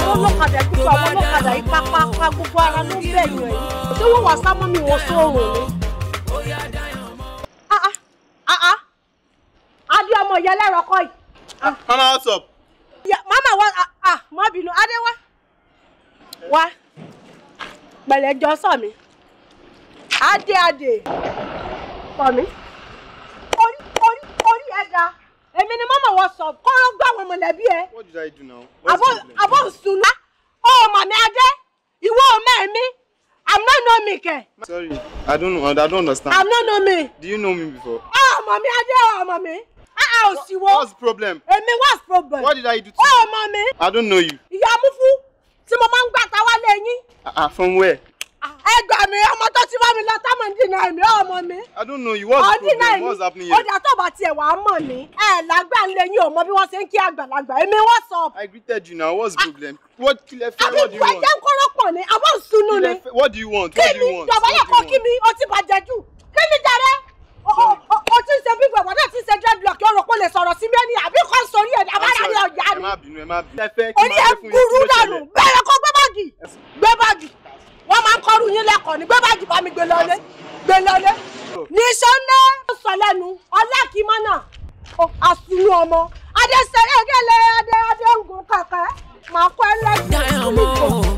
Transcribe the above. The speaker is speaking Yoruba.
àwọn ọlọ́kadà gbogbo àwọn ọlọ́kadà yìí pápápá gbogbo ara ló ń bẹ̀rù ẹ̀ ṣé wọ́n wà sá mọ́ mi wọ́n sóòrùn ni. Ah, ah, ah, adé ọmọ ìyá ẹlẹ́rọ kọ́ yìí. mama what's up. mama wa mọ bínú adé wa wa pẹ̀lẹ́ jọ sọ mi adé adé sọ mi. mọ̀lẹ́bí ẹ. What did I do now? àbọ̀ nsúná ọmọ mi adé ìwọ ọmọ mi I'm not know me kẹ. Sorry, I don't know, I don't understand. I'm not know me. Do you know me before? O mi adé ah, O mi a ah, ò sì What's the problem? èmi what's the problem? What did I do to you? ọmọ mi. I don't know you. ìyá mufu tí mo máa ń gbà tá wálé yín. Ah, from where? gbà mí ọmọ tó ti wá mi lọ táwọn ń dènà ẹ̀mí ọmọ mi. I don't know you what's problem what's happening here. ọ̀dà tó bá tiẹ̀ wàá mọ̀ mí ẹ̀ lágbà ńlẹ̀ yín ò mọ bí wọ́n ṣe ń kí àgbàlagbà èmi what's up. I greeted you now what's problem. what kílẹ̀ fẹ́ what do you want. àbí ìwọ jẹ́ kọ́rọ́pọ̀ ni àbọ̀ ìsunú ni. what do you want what do you want. kí ni dọ̀bálẹ̀ kọ́ kí mi o ti bàjẹ́ jù kí ni jàre o ti ṣe bí gbọ̀ngàn náà ti ṣe dreadlock ọ̀rọ̀ kò lè sọ̀rọ̀ sí mẹ́ni àbí kò sórí ẹ̀ abára ni ọ̀yá ni orí ẹ̀ kúrú dànù bẹ̀rẹ̀ kó gbé báàgì gbé báàgì yín lẹ́kọ̀ọ́ ni gbé báàgì bá mi gbé lọlé gbé lọlé. níṣó ná sọ àsùnú ọmọ adé sẹ́rẹ́ adé adé ń gun kàkẹ́ màá kọ́ ẹ lẹ́yìn.